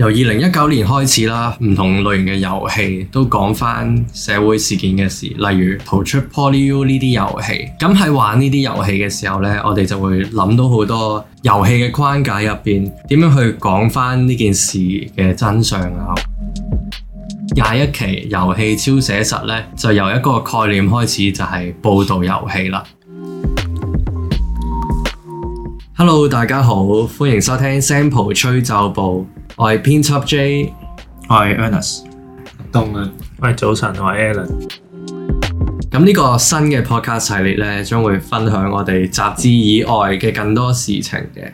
由二零一九年開始啦，唔同類型嘅遊戲都講翻社會事件嘅事，例如逃出 Polyu 呢啲遊戲。咁喺玩呢啲遊戲嘅時候呢，我哋就會諗到好多遊戲嘅框架入邊點樣去講翻呢件事嘅真相啊。廿一期遊戲超寫實呢，就由一個概念開始，就係報道遊戲啦。Hello，大家好，歡迎收聽 Sample 吹奏部》。我係編輯 Jay，我係我係 Ernest，凍啦。我係早晨，我係 Alan。咁呢個新嘅 podcast 系列咧，將會分享我哋雜誌以外嘅更多事情嘅。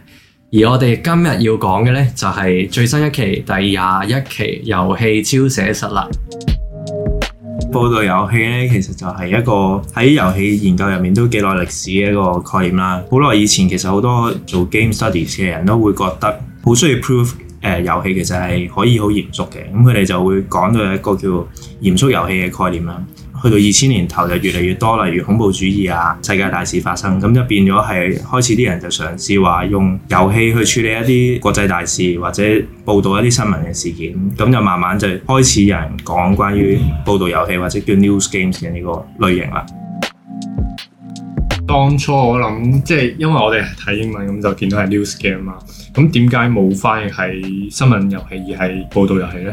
而我哋今日要講嘅咧，就係最新一期第廿一期遊戲超寫實啦。報道遊戲咧，其實就係一個喺遊戲研究入面都幾耐歷史嘅一個概念啦。好耐以前，其實好多做 game studies 嘅人都會覺得好需要 proof 誒、呃、遊戲其實係可以好嚴肅嘅，咁佢哋就會講到一個叫嚴肅遊戲嘅概念啦。去到二千年頭就越嚟越多，例如恐怖主義啊、世界大事發生，咁就變咗係開始啲人就嘗試話用遊戲去處理一啲國際大事或者報導一啲新聞嘅事件，咁就慢慢就開始有人講關於報導遊戲或者叫 News Games 嘅呢個類型啦。當初我諗，即係因為我哋係睇英文咁就見到係 news game 嘛，咁點解冇翻譯係新聞遊戲而係報道遊戲呢？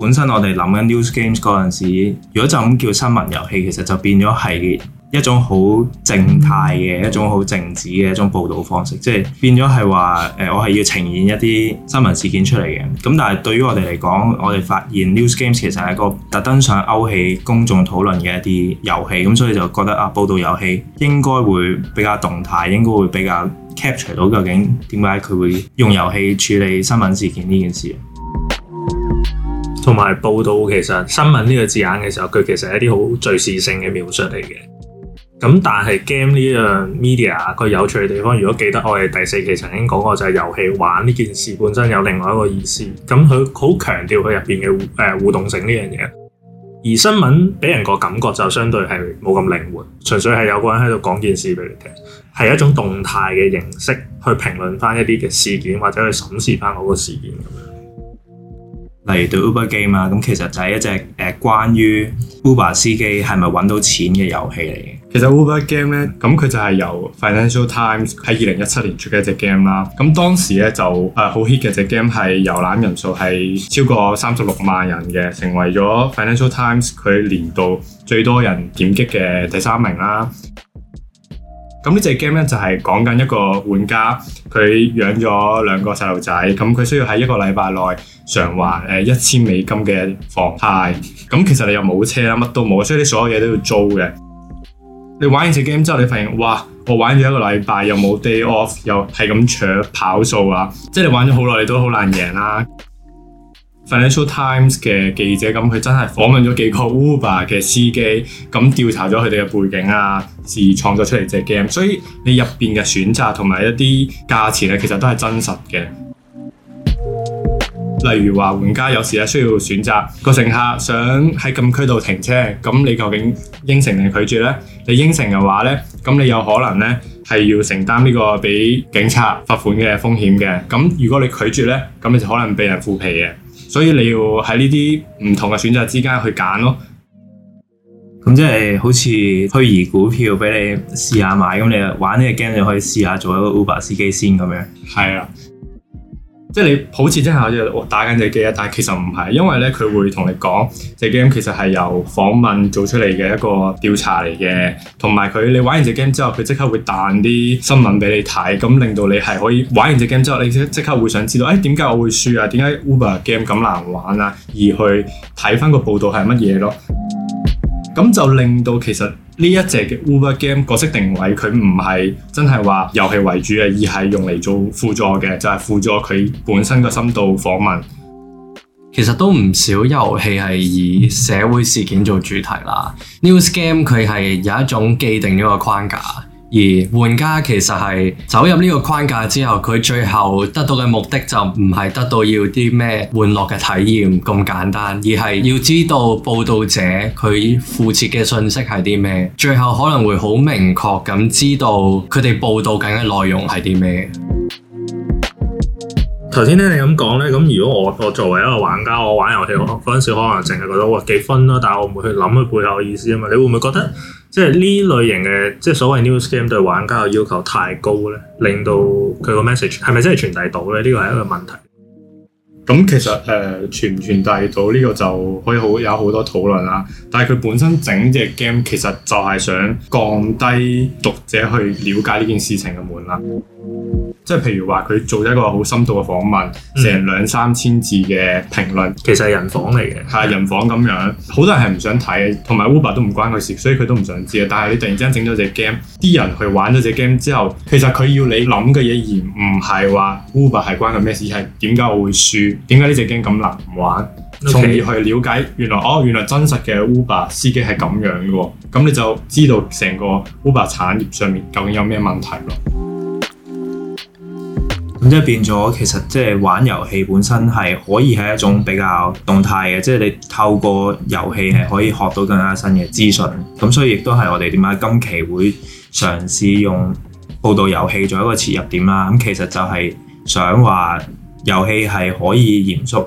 本身我哋諗緊 news games 嗰陣時候，如果就咁叫新聞遊戲，其實就變咗係。一種好靜態嘅，一種好靜止嘅，一種報導方式，即係變咗係話誒，我係要呈現一啲新聞事件出嚟嘅。咁但係對於我哋嚟講，我哋發現 news games 其實係一個特登想勾起公眾討論嘅一啲遊戲，咁所以就覺得啊，報導遊戲應該會比較動態，應該會比較 capture 到究竟點解佢會用遊戲處理新聞事件呢件事。同埋報導其實新聞呢個字眼嘅時候，佢其實係一啲好敍事性嘅描述嚟嘅。咁但係 game 呢樣 media 佢有趣嘅地方，如果記得我哋第四期曾經講過，就係遊戲玩呢件事本身有另外一個意思。咁佢好強調佢入邊嘅誒互動性呢樣嘢，而新聞俾人個感覺就相對係冇咁靈活，純粹係有個人喺度講件事俾你聽，係一種動態嘅形式去評論翻一啲嘅事件或者去審視翻嗰個事件。例如 The Uber Game 啊，咁其實就係一隻誒關於 Uber 司機係咪揾到錢嘅遊戲嚟嘅。其實 Uber Game 呢，咁佢就係由 Financial Times 喺二零一七年出嘅一隻 game 啦。咁當時呢，就誒好 hit 嘅一隻 game 係遊覽人數係超過三十六萬人嘅，成為咗 Financial Times 佢年度最多人點擊嘅第三名啦。咁呢隻 game 咧就係講緊一個玩家，佢養咗兩個細路仔，咁佢需要喺一個禮拜內償還誒一千美金嘅房貸。咁其實你又冇車啦，乜都冇，所以你所有嘢都要租嘅。你玩完隻 game 之後，你發現哇，我玩咗一個禮拜又冇 day off，又係咁搶跑數啊！即係你玩咗好耐，你都好難贏啦。Financial Times 嘅記者咁，佢真係訪問咗幾個 Uber 嘅司機，咁調查咗佢哋嘅背景啊，是創作出嚟隻 game。所以你入邊嘅選擇同埋一啲價錢咧，其實都係真實嘅。例如話，玩家有時咧需要選擇，個乘客想喺禁區度停車，咁你究竟應承定拒絕咧？你應承嘅話咧，咁你有可能咧係要承擔呢個俾警察罰款嘅風險嘅。咁如果你拒絕咧，咁你就可能俾人負皮嘅。所以你要喺呢啲唔同嘅選擇之間去揀咯，咁即係好似虛擬股票俾你試下買，咁你玩呢個 game 你可以試下做一個 Uber 司機先咁樣。係啊。即係你好似真係打緊隻 game，但係其實唔係，因為咧佢會同你講隻 game 其實係由訪問做出嚟嘅一個調查嚟嘅，同埋佢你玩完隻 game 之後，佢即刻會彈啲新聞俾你睇，咁令到你係可以玩完隻 game 之後，你即即刻會想知道，誒點解我會輸啊？點解 Uber game 咁難玩啊？而去睇翻個報道係乜嘢咯？咁就令到其實呢一隻嘅 Uber Game 角色定位，佢唔係真係話遊戲為主嘅，而係用嚟做輔助嘅，就係輔助佢本身嘅深度訪問。其實都唔少遊戲係以社會事件做主題啦。News Game 佢係有一種既定咗個框架。而玩家其實係走入呢個框架之後，佢最後得到嘅目的就唔係得到要啲咩玩樂嘅體驗咁簡單，而係要知道報道者佢附設嘅信息係啲咩，最後可能會好明確咁知道佢哋報道緊嘅內容係啲咩。頭先咧你咁講呢，咁如果我我作為一個玩家，我玩遊戲嗰陣時，可能淨係覺得哇，幾分啦，但係我唔會去諗佢背後嘅意思啊嘛，你會唔會覺得？即係呢類型嘅，即係所謂 news game 對玩家嘅要求太高咧，令到佢個 message 係咪真係傳遞到咧？呢個係一個問題。咁其實誒、呃、傳唔傳遞到呢、呢個就可以好有好多討論啦。但係佢本身整隻 game 其實就係想降低讀者去了解呢件事情嘅門檻。即係，譬如話佢做咗一個好深度嘅訪問，成兩、嗯、三千字嘅評論，其實係人訪嚟嘅係人訪咁樣，好多人係唔想睇，同埋 Uber 都唔關佢事，所以佢都唔想知啊。但係你突然之間整咗隻 game，啲人去玩咗隻 game 之後，其實佢要你諗嘅嘢，而唔係話 Uber 係關佢咩事，係點解我會輸，點解呢隻 game 咁難玩，從而 Okay. 去了解原來哦，原來真實嘅 Uber 司機係咁樣嘅，咁你就知道成個 Uber 產業上面究竟有咩問題咯。咁即係變咗，其實即係玩遊戲本身係可以係一種比較動態嘅，即係你透過遊戲係可以學到更加新嘅資訊。咁所以亦都係我哋點解今期會嘗試用報道遊戲做一個切入點啦。咁其實就係想話遊戲係可以嚴肅，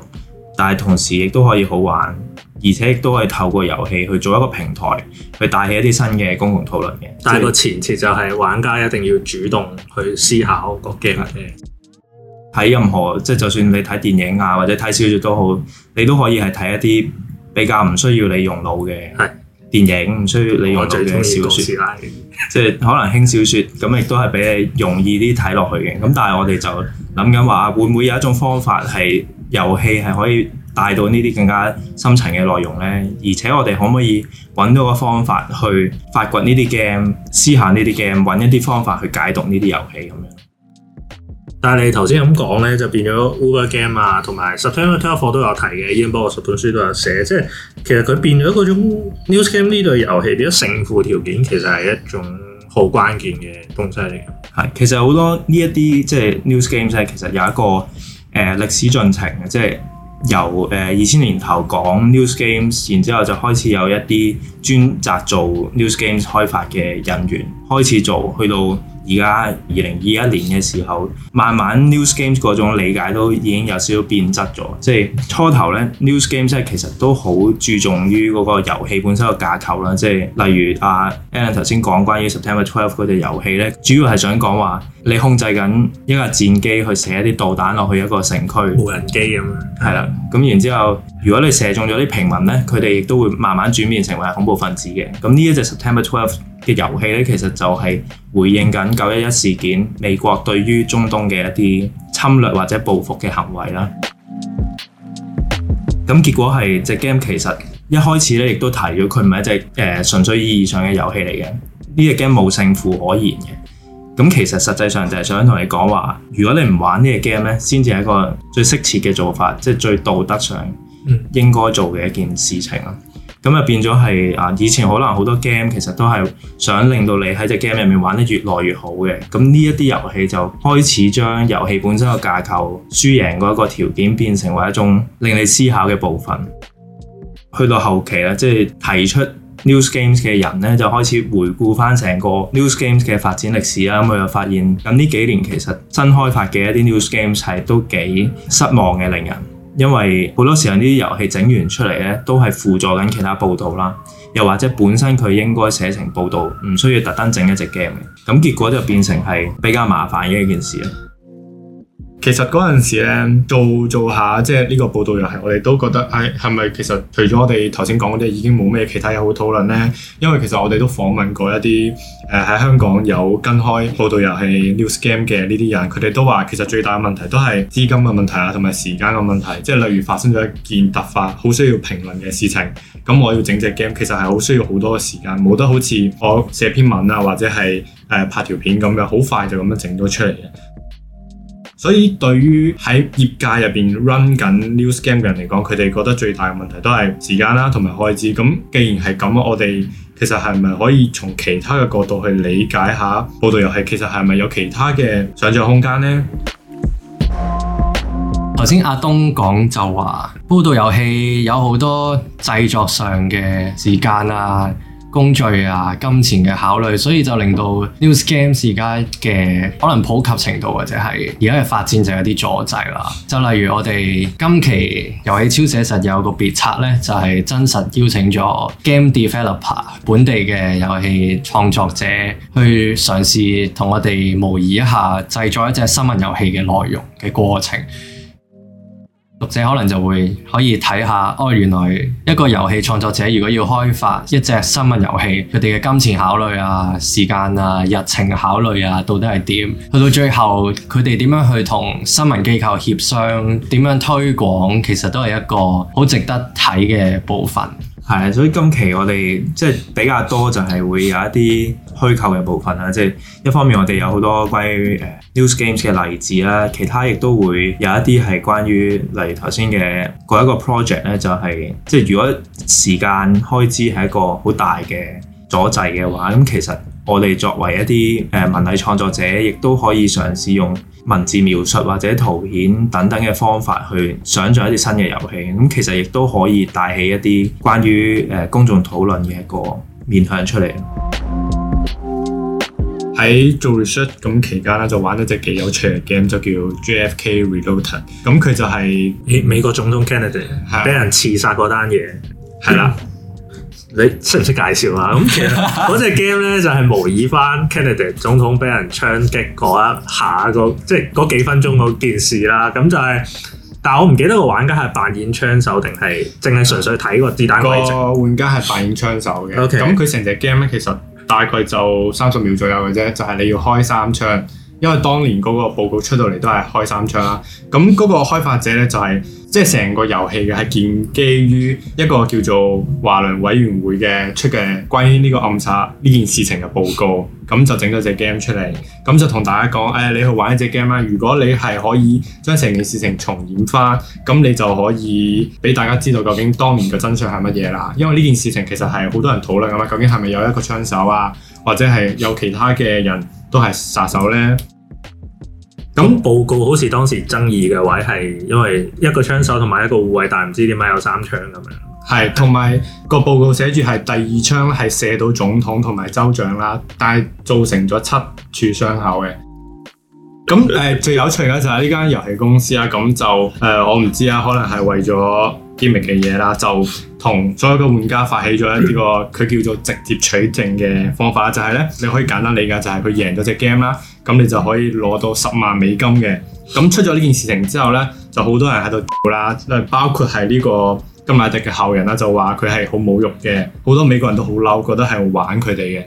但係同時亦都可以好玩，而且亦都可以透過遊戲去做一個平台，去帶起一啲新嘅公共討論嘅。但係個前提就係玩家一定要主動去思考個 game 嘅睇任何，即係就算你睇電影啊或者睇小說都好，你都可以係睇一啲比較唔需要你用腦嘅電影，唔需要你用腦嘅小說，即係可能輕小說，咁，亦都係比較容易啲睇落去嘅。咁但係我哋就諗緊話會唔會有一種方法係遊戲係可以帶到呢啲更加深層嘅內容咧？而且我哋可唔可以揾到個方法去發掘呢啲 game、試下呢啲 game、揾一啲方法去解讀呢啲遊戲咁樣。但係你頭先咁講咧，就變咗 Uber Game 啊，同埋 s e p t e 課都有提嘅，Ian Bogost 本書都有寫。即係其實佢變咗嗰種 news game 呢類遊戲，啲勝負條件其實係一種好關鍵嘅東西嚟。係，其實好多呢一啲即係 news games 咧，其實有一個誒歷、呃、史進程嘅，即係由誒二千年頭講 news games，然之後就開始有一啲專責做 news games 開發嘅人員。開始做，去到而家二零二一年嘅時候，慢慢 news games 嗰種理解都已經有少少變質咗。即係初頭呢，news games 其實都好注重於嗰個遊戲本身嘅架構啦。即係例如阿、啊、Alan 頭先講關於 September Twelfth 嗰隻遊戲呢，主要係想講話你控制緊一架戰機去射一啲導彈落去一個城區，無人機咁、啊、樣。係啦，咁然之後，如果你射中咗啲平民呢，佢哋亦都會慢慢轉變成為恐怖分子嘅。咁呢一隻 September Twelfth 嘅遊戲咧，其實就係回應緊九一一事件美國對於中東嘅一啲侵略或者報復嘅行為啦。咁結果係隻 game 其實一開始咧，亦都提咗佢唔係一隻誒、呃、純粹意義上嘅遊戲嚟嘅。呢隻 game 冇勝負可言嘅。咁其實實際上就係想同你講話，如果你唔玩個呢隻 game 咧，先至係一個最適切嘅做法，即、就、係、是、最道德上應該做嘅一件事情啦。嗯咁就變咗係啊！以前可能好多 game 其實都係想令到你喺隻 game 入面玩得越來越好嘅。咁呢一啲遊戲就開始將遊戲本身嘅架構、輸贏嗰一個條件變成為一種令你思考嘅部分。去到後期咧，即係提出 news games 嘅人咧，就開始回顧返成個 news games 嘅發展歷史啦。咁佢又發現咁呢幾年其實新開發嘅一啲 news games 係都幾失望嘅，令人。因為好多時候呢啲遊戲整完出嚟都係輔助緊其他報道啦，又或者本身佢應該寫成報道，唔需要特登整一隻 game 嘅，咁結果就變成係比較麻煩嘅一件事。其實嗰陣時咧，做做下即係呢個報道遊戲，我哋都覺得誒係咪其實除咗我哋頭先講嗰啲已經冇咩其他嘢好討論咧？因為其實我哋都訪問過一啲誒喺香港有跟開報道遊戲 news game 嘅呢啲人，佢哋都話其實最大嘅問題都係資金嘅問題啊，同埋時間嘅問題。即係例如發生咗一件突發好需要評論嘅事情，咁我要整隻 game 其實係好需要好多嘅時間，冇得好似我寫篇文啊或者係誒、呃、拍條片咁樣好快就咁樣整咗出嚟嘅。所以對於喺業界入面 run 緊 news game 嘅人嚟講，佢哋覺得最大嘅問題都係時間啦，同埋開支。咁既然係咁，我哋其實係咪可以從其他嘅角度去理解下，報道遊戲其實係咪有其他嘅想像空間呢？頭先阿東講就話，報道遊戲有好多製作上嘅時間啊。工序啊、金錢嘅考慮，所以就令到 News Games 而家嘅可能普及程度或者係而家嘅發展就有啲阻滯啦。就例如我哋今期遊戲超寫實有個別冊呢，就係，是，真實邀請咗 game developer 本地嘅遊戲創作者去嘗試同我哋模擬一下製作一隻新聞遊戲嘅內容嘅過程。或者可能就會可以睇下，哦，原來一個遊戲創作者如果要開發一隻新聞遊戲，佢哋嘅金錢考慮啊、時間啊、日程考慮啊，到底係點？去到最後，佢哋點樣去同新聞機構協商？點樣推廣？其實都係一個好值得睇嘅部分。係啊，所以今期我哋即係比較多就係會有一啲虛構嘅部分啦，即係一方面我哋有好多關於誒、呃、news games 嘅例子啦，其他亦都會有一啲係關於例如頭先嘅嗰一個 project 咧、就係，就係即係如果時間開支係一個好大嘅阻滯嘅話，咁其實。我哋作為一啲誒文藝創作者，亦都可以嘗試用文字描述或者圖片等等嘅方法去想像一啲新嘅遊戲。咁其實亦都可以帶起一啲關於誒公眾討論嘅一個面向出嚟。喺做 research 咁期間咧，就玩咗隻幾有趣嘅 game，就叫 JFK Reloaded。咁佢就係美美國總統 Kennedy 俾的人刺殺嗰單嘢，係啦的。嗯。你識唔識介紹啊？咁其實嗰隻 game 咧就係模擬翻甘迺迪總統俾人槍擊嗰一下，即係嗰幾分鐘嗰件事啦。咁就係、是，但係我唔記得個玩家係扮演槍手定係淨係純粹睇個子彈位置。個玩家係扮演槍手嘅。OK，咁佢成隻 game 咧，其實大概就三十秒左右嘅啫。就係、是、你要開三槍，因為當年嗰個報告出到嚟都係開三槍啦。咁嗰個開發者咧就係、是。即係成個遊戲嘅係建基於一個叫做華倫委員會嘅出嘅關於呢個暗殺呢件事情嘅報告，咁就整咗隻 game 出嚟，咁就同大家講，誒、哎、你去玩一隻 game 啦。如果你係可以將成件事情重演翻，咁你就可以俾大家知道究竟當年嘅真相係乜嘢啦。因為呢件事情其實係好多人討論㗎嘛，究竟係咪有一個槍手啊，或者係有其他嘅人都係殺手咧？咁那報告好似當時爭議嘅位係因為一個槍手同埋一個護衛，但係唔知點解有三槍咁樣。係同埋個報告寫住係第二槍係射到總統同埋州長啦，但係造成咗七處傷口嘅。咁誒、呃、最有趣嘅就係呢間遊戲公司啊，咁就誒、呃、我唔知啊，可能係為咗 g 明嘅嘢啦，就同所有嘅玩家發起咗一啲個佢叫做直接取證嘅方法， 就係咧你可以簡單理解就係佢贏咗隻 game 啦。咁你就可以攞到十萬美金嘅。咁出咗呢件事情之後呢，就好多人喺度做啦，包括係呢個金馬迪嘅後人啦，就話佢係好侮辱嘅。好多美國人都好嬲，覺得係玩佢哋嘅。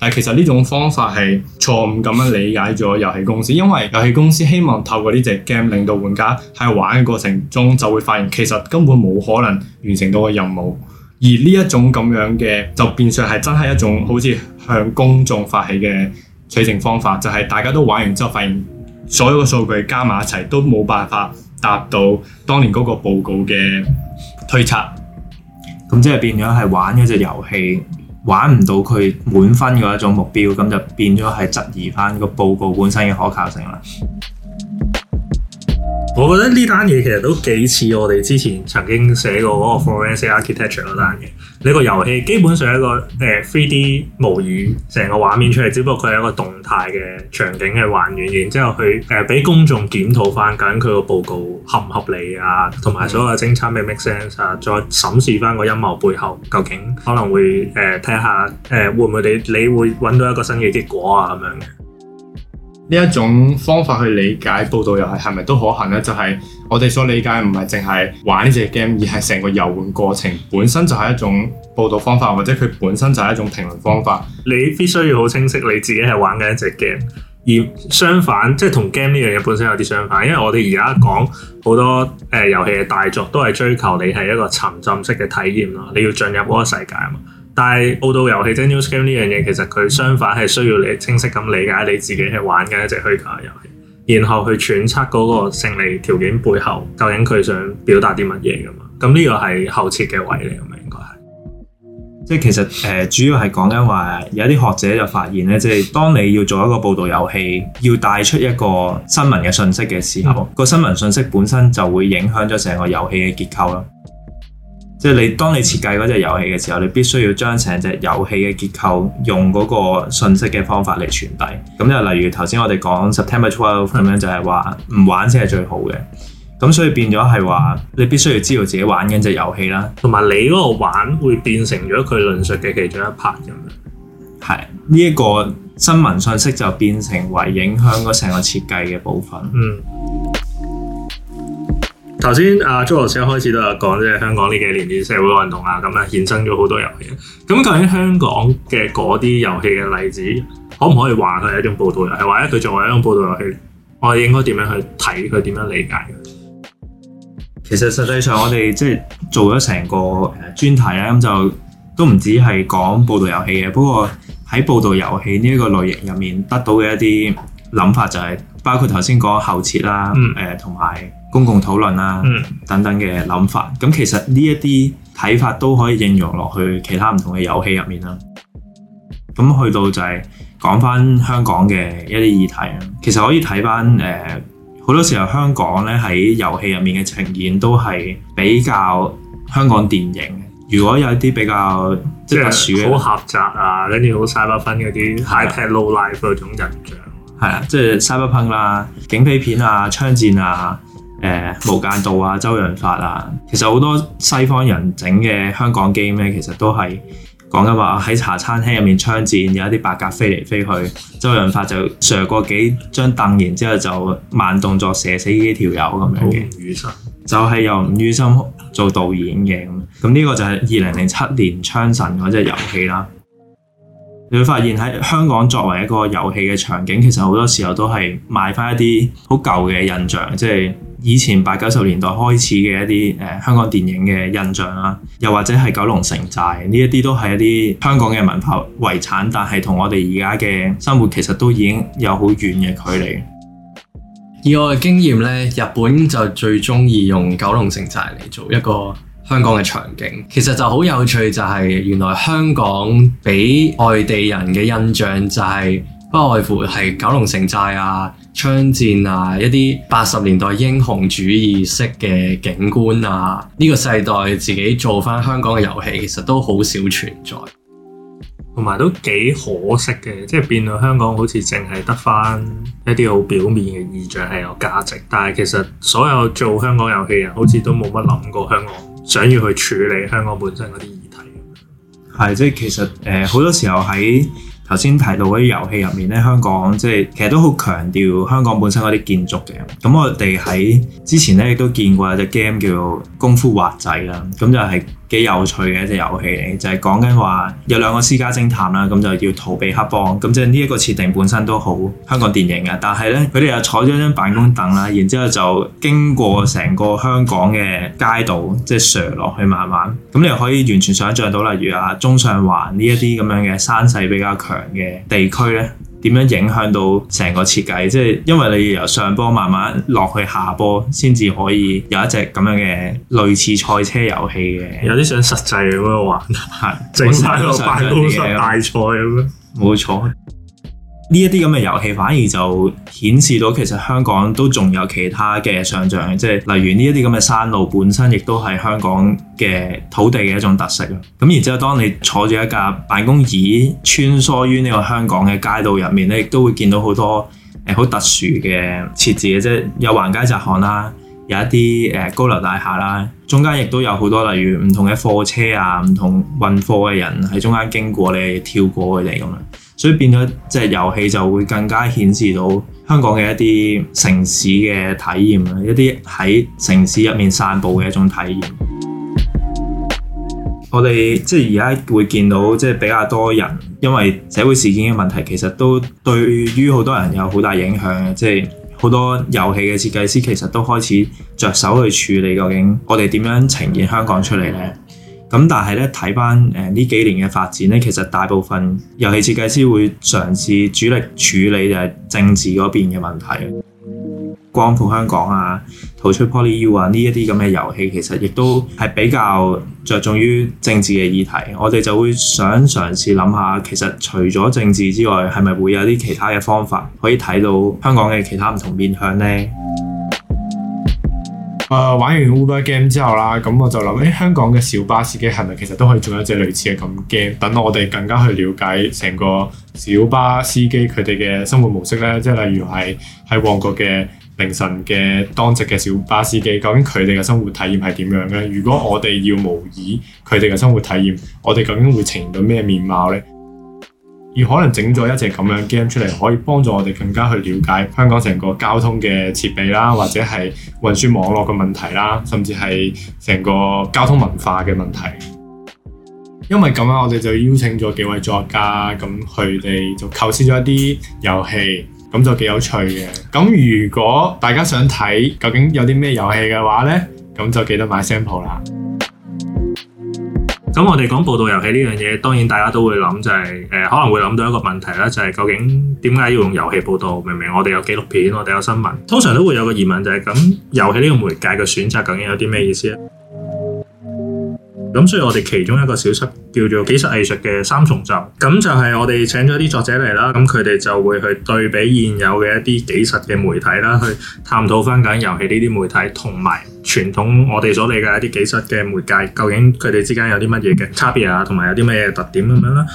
但其實呢種方法係錯誤咁樣理解咗遊戲公司，因為遊戲公司希望透過呢隻 game 令到玩家喺玩嘅過程中就會發現，其實根本冇可能完成到個任務。而呢一種咁樣嘅，就變相係真係一種好似向公眾發起嘅。取成方法就係、是，大家都玩完之後，發現所有嘅數據加埋一齊都冇辦法達到當年嗰個報告嘅推測，咁即係變咗係玩嗰隻遊戲玩唔到佢滿分嘅一種目標，咁就變咗係質疑翻個報告本身嘅可靠性啦。我覺得呢單嘢其實都幾似我哋之前曾經寫過嗰個 forensic architecture 嗰單嘢。呢、這個遊戲基本上係一個誒、呃、3D 模擬成個畫面出嚟，只不過佢係一個動態嘅場景嘅還原，然之後佢誒俾公眾檢討翻，究竟佢個報告合唔合理啊，同埋所有嘅偵查咪 make sense 啊，再審視翻個陰謀背後究竟可能會誒睇下誒會唔會你你會搵到一個新嘅結果啊咁樣嘅。呢一種方法去理解報道遊戲係咪都可行呢？就係、是、我哋所理解唔係淨係玩呢隻 game，而係成個遊玩過程本身就係一種報道方法，或者佢本身就係一種評論方法。你必須要好清晰你自己係玩緊一隻 game，而相反即係同 game 呢樣嘢本身有啲相反，因為我哋而家講好多誒、呃、遊戲嘅大作都係追求你係一個沉浸式嘅體驗咯，你要進入嗰個世界嘛。但係報道遊戲即 news game 呢樣嘢，其實佢相反係需要你清晰咁理解你自己係玩嘅一隻虛假嘅遊戲，然後去揣測嗰個勝利條件背後究竟佢想表達啲乜嘢噶嘛？咁呢個係後設嘅位嚟噶嘛？應該係，即係其實誒、呃，主要係講緊話，有啲學者就發現咧，即係當你要做一個報道遊戲，要帶出一個新聞嘅信息嘅時候，mm hmm. 個新聞信息本身就會影響咗成個遊戲嘅結構啦。即係你當你設計嗰隻遊戲嘅時候，你必須要將成隻遊戲嘅結構用嗰個信息嘅方法嚟傳遞。咁就例如頭先我哋講 September 12咁樣就，就係話唔玩先係最好嘅。咁所以變咗係話，你必須要知道自己玩緊隻遊戲啦，同埋你嗰個玩會變成咗佢論述嘅其中一 part 咁樣。係呢一個新聞信息就變成為影響嗰成個設計嘅部分。嗯。頭先阿朱老師一開始都有講，即係香港呢幾年啲社會運動啊，咁啊衍生咗好多遊戲。咁究竟香港嘅嗰啲遊戲嘅例子，可唔可以話佢係一種報道遊戲？或者佢作為一種報道遊戲，我哋應該點樣去睇佢？點樣理解？其實實際上我哋即係做咗成個誒專題咧，咁就都唔止係講報道遊戲嘅。不過喺報道遊戲呢一個類型入面，得到嘅一啲。諗法就係包括頭先講後設啦，誒同埋公共討論啦，嗯、等等嘅諗法。咁其實呢一啲睇法都可以應用落去其他唔同嘅遊戲入面啦。咁去到就係講翻香港嘅一啲議題，其實可以睇翻誒好多時候香港咧喺遊戲入面嘅呈現都係比較香港電影。如果有一啲比較即係好狹窄啊，跟住好嘥骨分嗰啲 high tech low life 嗰種印象。係啊，即係西部烹啦，警匪片啊，槍戰啊，誒、呃，無間道啊，周潤發啊，其實好多西方人整嘅香港 game 咧，其實都係講緊話喺茶餐廳入面槍戰，有一啲白鴿飛嚟飛去，周潤發就射過幾張凳，然之後就慢動作射死幾條友咁樣嘅，吳宇森就係又唔吳宇森做導演嘅咁，咁呢個就係二零零七年《槍神》嗰隻遊戲啦。你會發現喺香港作為一個遊戲嘅場景，其實好多時候都係賣翻一啲好舊嘅印象，即係以前八九十年代開始嘅一啲誒香港電影嘅印象啦，又或者係九龍城寨，呢一啲都係一啲香港嘅文化遺產，但係同我哋而家嘅生活其實都已經有好遠嘅距離。以我嘅經驗呢，日本就最中意用九龍城寨嚟做一個。香港嘅場景其實就好有趣，就係原來香港俾外地人嘅印象就係不外乎係九龍城寨啊、槍戰啊、一啲八十年代英雄主義式嘅景觀啊。呢個世代自己做翻香港嘅遊戲，其實都好少存在，同埋都幾可惜嘅，即係變到香港好似淨係得翻一啲好表面嘅意象係有價值，但係其實所有做香港遊戲人好似都冇乜諗過香港。想要去處理香港本身嗰啲議題，係即係其實誒好、呃、的多時候喺頭先提到嗰啲遊戲入面呢，香港即係其實都好強調香港本身嗰啲建築嘅。咁我哋喺之前咧亦都見過有隻 game 叫功夫滑仔啦，咁就係、是。幾有趣嘅一隻遊戲嚟，就係講緊話有兩個私家偵探啦，咁就要逃避黑幫，咁即係呢個設定本身都好香港電影嘅。但係咧，佢哋又坐咗一張辦公凳啦，然之後就經過成個香港嘅街道，即係瀡落去慢慢，咁你又可以完全想像到，例如啊中上環呢一啲咁樣嘅山勢比較強嘅地區咧。點樣影響到成個設計？即係因為你要由上波慢慢落去下波，先至可以有一隻咁樣嘅類似賽車遊戲嘅。有啲想實際咁樣玩， 整晒個辦公室大賽咁樣。冇錯。 呢一啲咁嘅遊戲反而就顯示到其實香港都仲有其他嘅上漲，即係例如呢一啲咁嘅山路本身亦都係香港嘅土地嘅一種特色咯。咁然之後，當你坐住一架辦公椅穿梭於呢個香港嘅街道入面咧，亦都會見到好多誒好特殊嘅設置嘅，即係有橫街窄巷啦，有一啲誒高樓大廈啦，中間亦都有好多例如唔同嘅貨車啊、唔同運貨嘅人喺中間經過你、跳過佢哋咁樣。所以變咗，即係遊戲就會更加顯示到香港嘅一啲城市嘅體驗啦，一啲喺城市入面散步嘅一種體驗。 我哋即係而家會見到，即係比較多人因為社會事件嘅問題，其實都對於好多人有好大影響嘅。即係好多遊戲嘅設計師其實都開始着手去處理，究竟我哋點樣呈現香港出嚟咧？咁但係咧睇翻，誒呢幾年嘅發展咧，其實大部分遊戲設計師會嘗試主力處理就係政治嗰邊嘅問題。光復香港啊，逃出 Poly U 啊呢一啲咁嘅遊戲，其實亦都係比較着重於政治嘅議題。我哋就會想嘗試諗下，其實除咗政治之外，係咪會有啲其他嘅方法可以睇到香港嘅其他唔同面向呢？誒、呃、玩完 Uber Game 之後啦，咁我就諗，誒香港嘅小巴司機係咪其實都可以做一隻類似嘅咁 game？等我哋更加去了解成個小巴司機佢哋嘅生活模式咧，即係例如係喺旺角嘅凌晨嘅當值嘅小巴司機，究竟佢哋嘅生活體驗係點樣咧？如果我哋要模擬佢哋嘅生活體驗，我哋究竟會呈現到咩面貌咧？而可能整咗一隻咁樣 game 出嚟，可以幫助我哋更加去了解香港成個交通嘅設備啦，或者係運輸網絡嘅問題啦，甚至係成個交通文化嘅問題。因為咁樣，我哋就邀請咗幾位作家，咁佢哋就構思咗一啲遊戲，咁就幾有趣嘅。咁如果大家想睇究竟有啲咩遊戲嘅話呢，咁就記得買 sample 啦。咁我哋講報道遊戲呢樣嘢，當然大家都會諗就係，呃，可能會諗到一個問題啦，就係，究竟點解要用遊戲報道？明明我哋有紀錄片，我哋有新聞，通常都會有個疑問就係，咁遊戲呢個媒介嘅選擇究竟有啲咩意思？咁所以，我哋其中一個小室叫做紀實藝術嘅三重奏，咁就係我哋請咗啲作者嚟啦，咁佢哋就會去對比現有嘅一啲紀實嘅媒體啦，去探討翻緊遊戲呢啲媒體同埋傳統我哋所理解一啲紀實嘅媒介，究竟佢哋之間有啲乜嘢嘅差別啊，同埋有啲咩特點咁樣啦。等等。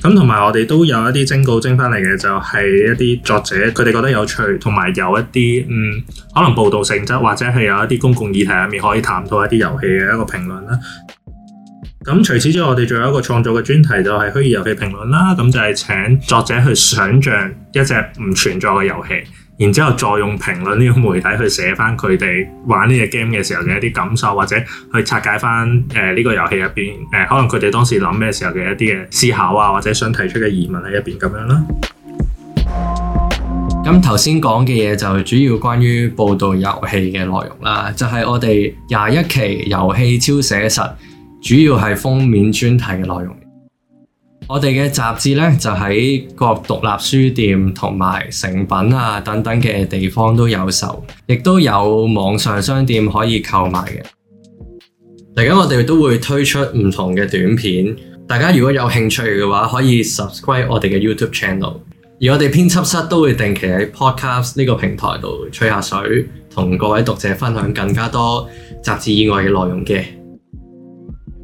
咁同埋我哋都有一啲徵稿徵翻嚟嘅，就係一啲作者佢哋覺得有趣，同埋有一啲嗯可能報道性質，或者係有一啲公共議題，入面可以探討一啲遊戲嘅一個評論啦。咁除此之外，我哋仲有一個創作嘅專題，就係虛擬遊戲評論啦。咁就係請作者去想象一隻唔存在嘅遊戲。然之後再用評論呢個媒體去寫翻佢哋玩呢隻 game 嘅時候嘅一啲感受，或者去拆解翻誒呢個遊戲入邊誒可能佢哋當時諗咩時候嘅一啲嘅思考啊，或者想提出嘅疑問喺入邊咁樣啦。咁頭先講嘅嘢就主要關於報導遊戲嘅內容啦，就係我哋廿一期遊戲超寫實，主要係封面專題嘅內容。我哋嘅雜誌呢，就喺各獨立書店同埋成品啊等等嘅地方都有售，亦都有網上商店可以購買嘅。大家我哋都會推出唔同嘅短片，大家如果有興趣嘅話，可以 subscribe 我哋嘅 YouTube channel。而我哋編輯室都會定期喺 Podcast 呢個平台度吹下水，同各位讀者分享更加多雜誌以外嘅內容嘅。